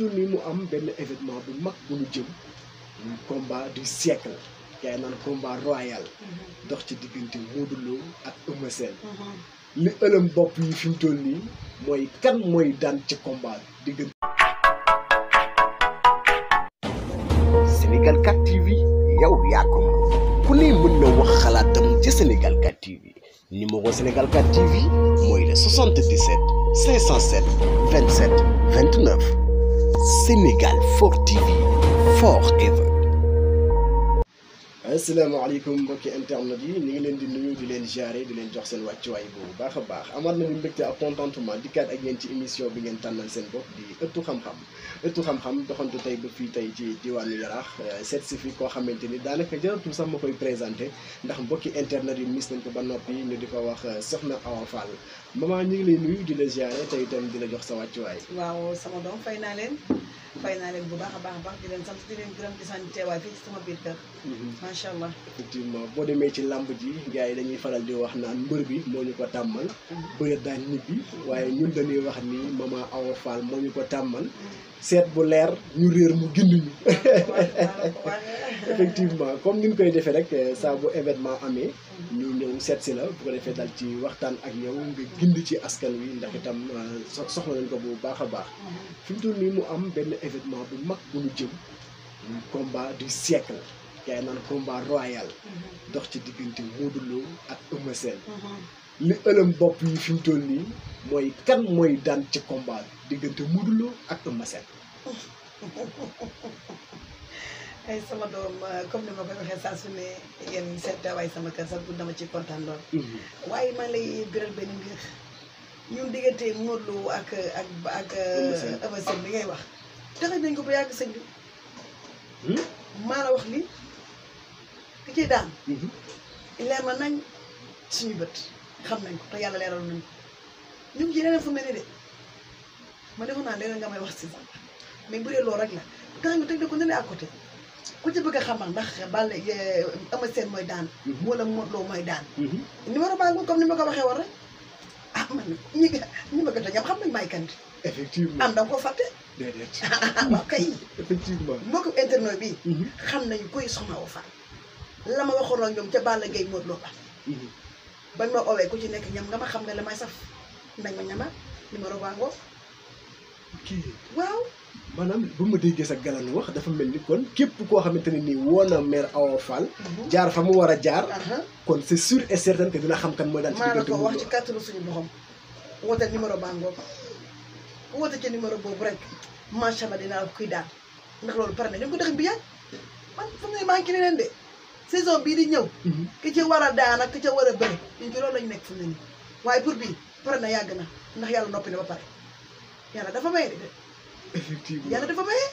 surtout mu am benn événement bu mag bu ñu jëm combat du siècle yaay naan combat royal mm-hmm. dox ci diggante Modou Lo ak Eumeu Sène mm-hmm. li ëlëm bopp yi fi nii mooy kan mooy daan ci combat diggante Sénégal 4 TV yow yaa ko ku ne mën na wax xalaatam ci Sénégal 4 TV numéro Sénégal 4 TV mooy le 77 507 27 Sénégal Fort TV, Forever. asalaamaaleykum mbokki internet yi ñu ngi leen di nuyu di leen jaare di leen jox seen wàccuwaay bu baax a baax amaat nañu mbégte ak contentement dikkaat ak yéen ci émission bi ngeen tànnal seen bopp di ëttu xam-xam ëttu xam-xam doxantu tey ba fii tey ci diwaanu yaraax euh, seet si fi koo xamante ni daanaka jaratul sax ma koy présenté ndax mbokki internet yi mis nañ ko ba noppi ñu di ko wax euh, Soxna Awa Fall maman ñu ngi leen nuyu di la jaare tey itam di la jox sa wàccuwaay. waaw sama doom fay naa leen. fay naa leen bu baax a baax a baax di leen sant di leen gërëm di fii ci sama biir kër. Mhm. macha allah. effectivement boo demee ci làmb ji gars yi dañuy faral di wax naan mbër bi moo ñu ko tàmbal mhm. bëre daan ñibbi waaye ñun dañuy wax ni maman Awa Fall moo ñu ko tàmbal mhm. seet bu leer ñu réer mu gind ñu effectivement comme ni koy defee rek euh, saa bu événement amee ñu ñëw seet si la bu ko defee dal ci waxtaan ak yow nga gind ci askan wi ndax itam euh, soxla nañ ko bu baax a baax mm-hmm. fi mu toll nii mu am benn événement bu mag bu ñu jëm combat du siècle yaay naan combat royal mm-hmm. dox ci diggante Modou Lo ak Eumeu li ëlëm bopp yi fi mu toll nii mooy kan mooy daan ci combat diggante Modou Lo ak Eumeu Sène. ay eh, sama doom comme ni ma koy waxee saa su ne yéen seet waaye sama kër sax bu dama ci kontaan lool. Mhm. waaye maa lay biral benn mbir ñun diggante Modou Lo ak ak ak. Eumeu Sène bi ngay wax. taxañ nañ ko ba yàgg sëñ bi. Hmm? maa la wax li ki ciy daan. Mhm. leer ma nañ suñu bët. xam nañ ko te yàlla leeral nañ ko ñu ngi ci fu mel ni de ma defoon naa leneen nga may wax si sax mais bu dee lool rek la temps bi na ne à côté ku ci bëgg a xamal ndax Balla ama eh, mooy daan. Mhm. wala Modou Lo mooy daan. Mhm. numéro baa ngi comme ni ma ko waxee woon rek ah man ñi ñi ma ko toj xam nañ maay kandi. effectivement am da koo fàtte. déedéet waaw kay. effectivement mbokku internet bi. Mhm. xam nañu koy soxna wu fa la ma waxoon ak ñoom ca Balla Gaye Modou Lo ba. bañ ma owee ku ci nekk ñam nga ma xam nga la may saf ndañ ma ñama numéro bango kii waaw maanaam bu ma déggee sa galan wax dafa mel ni kon képp koo xamante ne nii woo na mère Awa Fall mhm. jaar fa mu war a jaar kon c'est sûr et certain que dina xam kan mooy daan ci diggante maa ko wax ci kàttanu suñu boxam woote numéro bango ku woote ci numéro boobu rek macha allah dinaa kuy daal ndax loolu pare na ñu ngi ko dëx bi yàgg man fu mu maa ngi ci leneen de saison bii di ñëw. Mhm. ki ci war a ki ca war a bëri ñun ci nekk fu mu waaye pour bii pare na yàgg na ndax yàlla noppi na ba pare yàlla dafa maye de. effectivement yàlla dafa maye.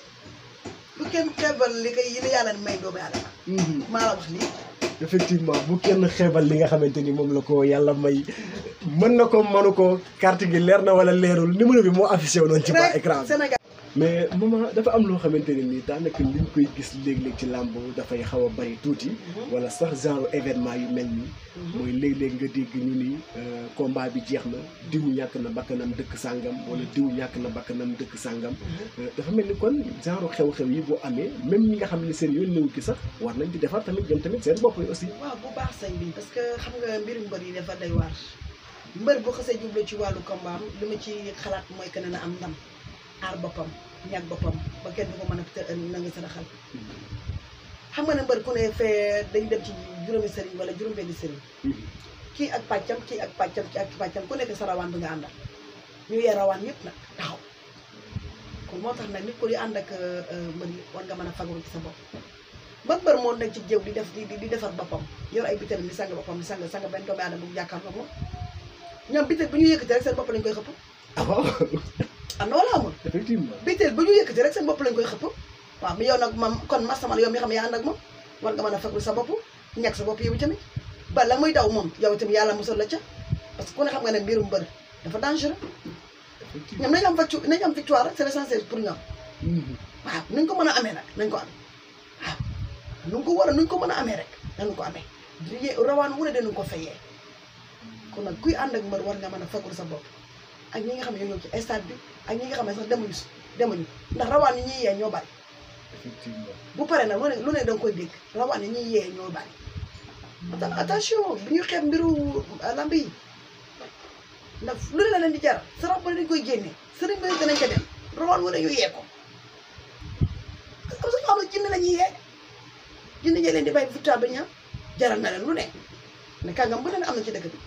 bu kenn xeebal li kay yi la yàlla may doomu aadama. Mhm. maa la wax lii. effectivement bu kenn xeebal li nga xamante ni moom la ko yàlla may mën na ko mënu ko carte gi leer na wala leerul numéro bi moo affiché wu noonu ci bas écran mais maman dafa am loo xamante ne nii daanaka liñ koy gis léeg-léeg ci làmb dafay xaw a bari tuuti mhm. wala sax genre événement yu mel nii Mhm. mooy léeg-léeg nga dégg ñu ni euh, combat bi jeex na diw ñàkk na bakkanam dëkk sàngam wala diw ñàkk na bakkanam dëkk sàngam mhm. euh, dafa mel ni kon genre xew-xew yi boo amee même ñi nga xam ne seen yoon néew ki sax war nañ di defar tamit ñoom tamit seen bopp yi aussi waaw bu baax sañ bi parce que xam nga mbirum mbër yi dafa day waar mbër boo xasee jublu ci wàllu combat li ma ci xalaat mooy que ne na am ndam aar boppam ñàkk boppam ba kenn du ko mën a euh, na nga saraxal mhm. xam nga ne mbër ku ne fee dañ dem ci juróomi sëriñ wala juróom benni sëriñ mm-hmm. kii ak pàccam kii ak pàccam kii ak pàccam ku nekk sa rawaan bi nga àndal ñu yee rawaan yëpp nag taxaw kon moo tax nag nit ko di ànd ak euh, euh, mbër yi war nga mën a fagaru ci sa bopp ba mbër moo nekk ci jëw di def di di defar boppam yor ay bital di sang boppam di sang sang benn doomu aadama bu jàkkaarloo moom ñoom bital bu ñu yëkkati rek seen bopp lañ koy xëpp ah am na wala bopp lañ koy xëpp waaw mi yow nag ma kon masamal yow mi xam ne yaa ànd ak moom war nga mën a fagul sa bopp ñàkk sa bopp yow tamit ba la muy daw moom yow tamit yàlla musal la parce que ku ne xam nga ne mbirum mbër dafa dangereux ñoom nañu am factu nañu am victoire c'est l'essentiel pour ñoom mm-hmm. waaw ko mën a amee nag nañ ko amee waaw nuñ ko war nuñ ko mën a amee rek nañ ko amee di rawaan wu ne ko fayee kon nag kuy ànd ak mbër war nga mën a fagul sa bopp ak ñi nga xam ne ci stade bi ak ñi nga xam ne sax demuñu demuñu ndax rawaan yi ñuy yee ñoo bari bu na nag lune ne lu ne da nga koy dégg nga wax ne ñuy yee ñoo bari mbiru di jar sarax bi danañ ca ko am sa xam ne jinne la ñuy yee jinne ñi leen di bàyyi futtaal ba na leen lu na ci dëkk bi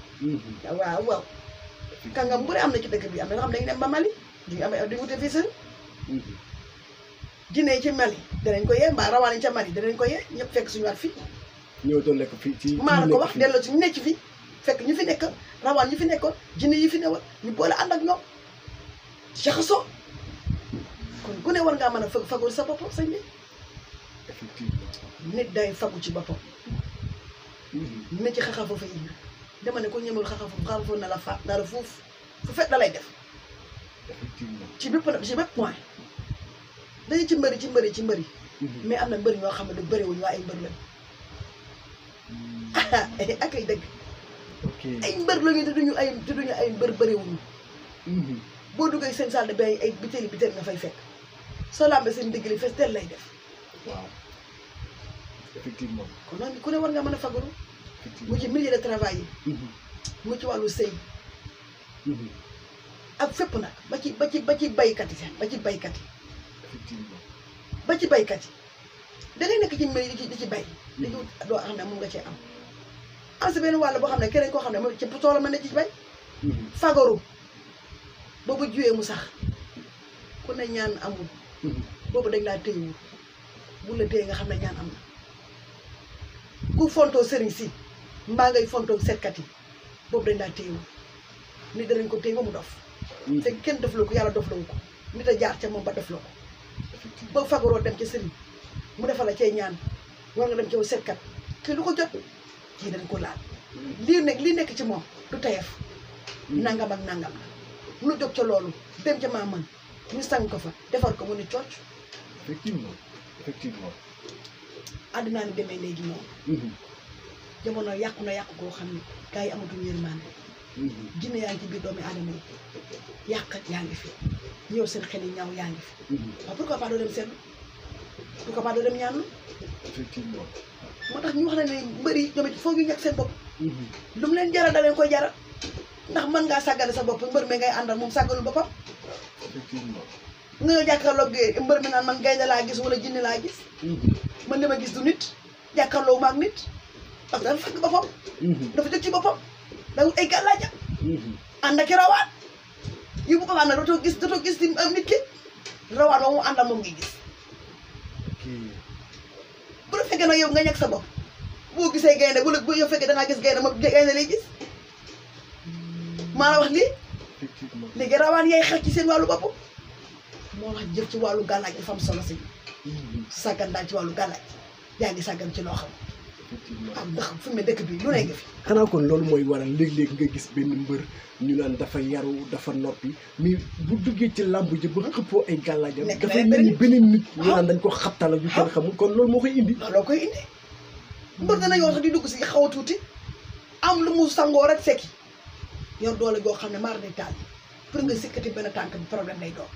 waaw waaw kàngam bu ne na ci dëkk bi Mali wute fii Guinée yi ci Mali danañ ko yee mbaa yi ca Mali danañ ko yee ñëpp fekk suñu waat fii. ñëw doon lekk fii ci maa la ko wax delloo ci ñu nekk fii fekk ñu fi nekk rawaan ñu fi nekkoon Guinée yi fi newoon ñu boole ànd ak ñoom jaxasoo kon ku ne war ngaa mën a fag fagul sa boppam sañ bi nit day fagu ci boppam mm-hmm. ne ci xaxa foofu yi dama ne ko ñemul xaxa foofu xaxa foofu na la faat na la fuuf fu fekk lay def ci bépp ci dañu ci mbëri ci mbëri ci mbëri mhm. mais am na mbëri ñoo xam ne du bëri wuñu waa ay mbër lañ ak ay dëgg ay mbër lañu mhm. te duñu ay te duñu ay mbër bëri mhm. boo duggee seen salle de bain ay bitéeli bitéel nga fay fekk soo lambee seen digg li fees teel lay def waaw effectivement kon nag ku ne war nga mën a fagaru mu ci milieu de travail yi mu ci wàllu sëy ak fépp nag ba ci ba ci ba ci yi sax ba ci baykat yi ba ci baykat yi da ngay nekk ci mbéy di ci di ci bay. di ci doo xam ne mun nga cee am. am sa benn boo xam ne keneen koo xam ne moom ci toolam mën na ci bay. fagaru boobu jiwee mu sax ku ne ñaan amul. boobu dañ laa téyewul bu la téye nga xam ne ñaan am na. ku fontoo sëriñ si mbaa ngay fontoo seetkat yi boobu dañ laa téyewul nit danañ ko téye ba mu dof. Hmm. te kenn dofloo ko yàlla dofloo ko nit a jaar ca moom ba dofloo ko. boo fagaroo dem ca sëriñ mu defal la cee ñaan war nga dem ci setkat kii lu ko jot kii dañ ko laal lii nekk lii nekk ci moom du tayef nangam ak nangam la lu jóg ca loolu dem ca maa ñu sang ko fa defar ko mu ni cocc effectivement effectivement àddunaa ni demee léegi noonu mhm. jamono yàqu na yàqu koo xam ne gars yi amatuñu yërmande mhm. jinne yaa ngi ci biir doomi aadama yi yàq yaa ngi fi ñew seen xel yi ñaaw yaa ngi fi. Mm-hmm. pourquoi pas doo dem seen pourquoi pas doo dem ñaanlu. effectivement. moo tax ñu wax na ne mbëri ñoom it foog ñu ñàkk seen bopp. Mm-hmm. lu mu leen jaral da leen koy jaral ndax mën ngaa sàggane sa bopp mbër mi ngay àndal moom sàgganul boppam. effectivement. nga ñëw jàkkaarloog mbër mi naan man gay gaynde laa gis wala jinne laa gis. Mm-hmm. man li ma gis du nit jàkkaarloo maag nit parce que dafa fekk boppam. dafa jóg ci boppam dawul ay gàllaajam. ànd ak rawaat. yi mu ko waxee na dootoo gis dootoo gis euh, nit ki rawaan moom mu àndal moom ngay gis. bu la fekkee nag yow nga ñàkk sa bopp boo gisee gaynde bu la bu gis gaynde moom gaynde lay gis maa ci seen wàllu bopp moo ci wàllu gàllaaj dafa am solo si. Mm-hmm. sàggan ci wàllu gàllaaj yaa ngi sàggan ci loo xam. am ndax fu mu ne dëkk bi lu ne fi. xanaa kon loolu mooy waral léeg-léeg nga gis benn mbër ñu naan dafa yaru dafa noppi mais bu duggee ci làmb ji ba xëppoo ay gàllaajam. nekk dafay mel ni beneen nit. ñu ah. naan dañ ko xabtala ju ah. kon loolu moo koy indi. looloo koy indi mbër dana yoo sax di dugg si xaw a tuuti am lu mu sangoo rek sekki yor doole goo xam ne maar day taal pour nga sikkati benn tànk bi problème nay doon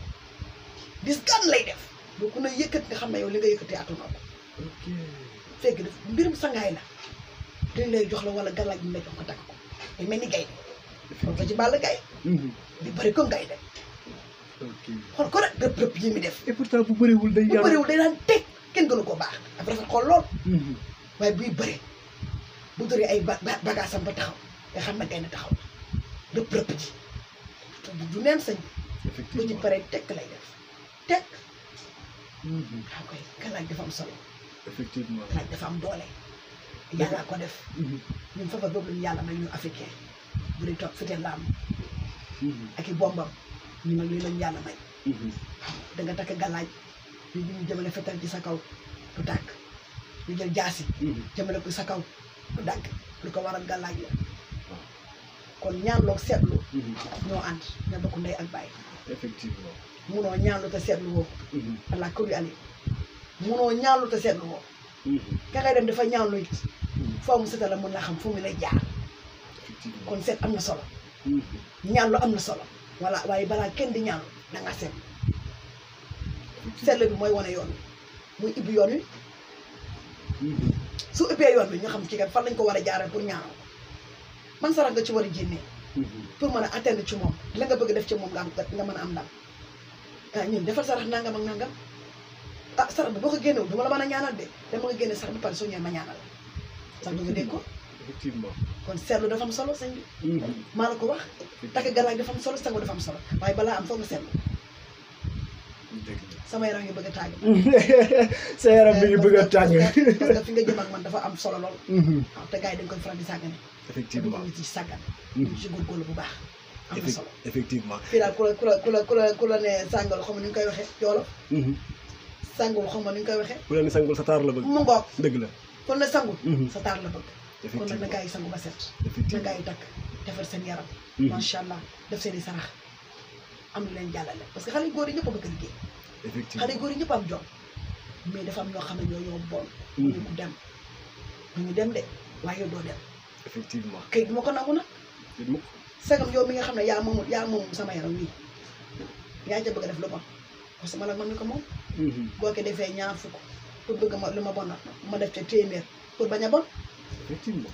dis gan lay def boo ko na yëkkat nga xam ne yow li nga yëkkatee atuma ko fekk daf mbirum sangaay la li lay jox la wala galaaj bi la jox ko takk ko day mel ni gay de xool ko ci Balla Gaye mhm. di bëri ko gay de ko rek rëpp yi mi def et bu bëriwul day bu bëriwul day daan teg kenn gënu ko baax ak rafet xool lool mhm. waaye buy bëri bu doree ay bagaasam ba taxaw nga xam ne gay na taxaw rëpp rëpp ji du neen sañ bu ci paree tekk lay def tekk mhm. ah, effectivement naaj dafa am doole. ko def. Mhm. ñun fa fa boobu la yàlla may ñu africain bu dee toog fite laam. Mhm. ak i bombam ñu ne lii lañ yàlla may. Mhm. da nga takk galaaj ñu ñu jëmale fetal ci sa kaw du tàkk ñu jël jaasi. jëmale ko sa kaw du dàkk lu ko waral galaaj la. kon ñaanloo seetlu. ñoo ànd ñoo bokk ndey ak bàyyi. effectivement munoo ñaanlu te seetlu woo. allah kulli ali. munoo ñaanlu te seetlu ko. Mhm. ka ngay dem dafa ñaanlu it. foo mu seetal la mun naa xam fu mu lay jaar. kon seet am na solo. Mhm. ñaanlu am na solo. voilà waaye balaa kenn di ñaanlu da nga seet. bi mooy wane yoon wi muy ubbi yoon wi. Mhm. su ubbee yoon bi ñu xam kii kat fan lañ ko war a jaaree pour ñaanal ko man sarax nga ci war a génnee. pour mën a atteindre ci moom la nga bëgg def ci moom nga am mën a am ndam. ah ñun defal sarax nangam ak nangam ah sarax bi boo ko génnewul la mën ñaanal de dama nga génne sarax bi pare soo ma ñaanal sax kon seetlu dafa am solo sëñ bi mhm. maa la ko wax takk dafa am solo sango dafa am solo waaye am foog nga sama yaram ngi bëgg a sa yaram bi ngi bëgg a tàng fi nga jëm ak man dafa am solo lool mhm. ah, te gars dañ koy faral di sàggane effectivement mhm. ci sàggane ci bu baax am solo effectivement fii la kula kula ne sàngal xam ñu koy waxee sangul xaw ma ni ñu koy waxee. bu leen sangul sa taar la bëgg. mu ngoog dëgg la kon na sangul. Mhm. sa taar la bëgg. kon nag na gaa yi sangu ba set. na takk defar seen yaram. Mhm. macha allah def seen i sarax am na leen jàllale parce que xale yu góor yi ñëpp a bëgg liggéey. effectivement xale góor yi ñëpp am jom mais dafa am ñoo xam ne ñoo ñoo bon. Mhm. ñu dem ñu dem de waaye yow doo dem. effectivement kay duma ko nangu nag. sagam yow mi nga xam ne yaa moom yaa moom sama yaram wi yaa ca bëgg a def lu parce que man ak man ni ko moom. Mhm. boo ke defee ñaar fukk pour bëgg ma lu ma bon ma def ca téeméer pour bañ a bon effectivement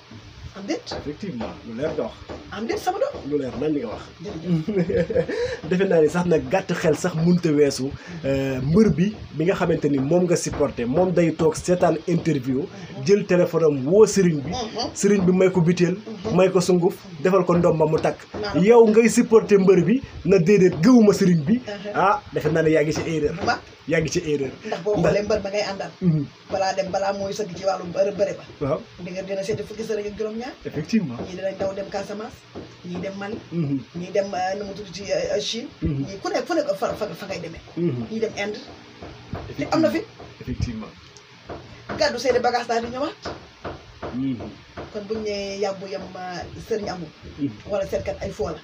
am déet effectivement lu leer nga wax am déet sama doom lu leer nan li nga wax defe naa ni sax nag gàtt xel sax munta weesu euh, mbër bi bi nga xamante ni nga supporté moom day toog seetaan interview mhm. jël téléphone am woo sëriñ bi mhm. sëriñ bi may ko biteel may ko sunguf defal ko ndomba mu takk yow ngay supporté mbër bi na déedéet gëwuma sëriñ bi ah defe naa ne yaa ngi ci erreur yang ngi ci erreur ndax boo xoolee mbër ba ngay àndal balaa dem balaa mooy sëgg ci wàllu bëre bëre ba waaw di nga dina seeti fukki sëriñ ak juróom-ñaar effectivement dem Casamance ñii dem Mali ñii dem nu mu tudd ci Chine ñii ku nekk fu nekk dem end, te am na fi effectivement gàddu seeni bagage daal di ñëwaat kon buñ ne yàbbu yam sëriñ amul wala seetkat ay foo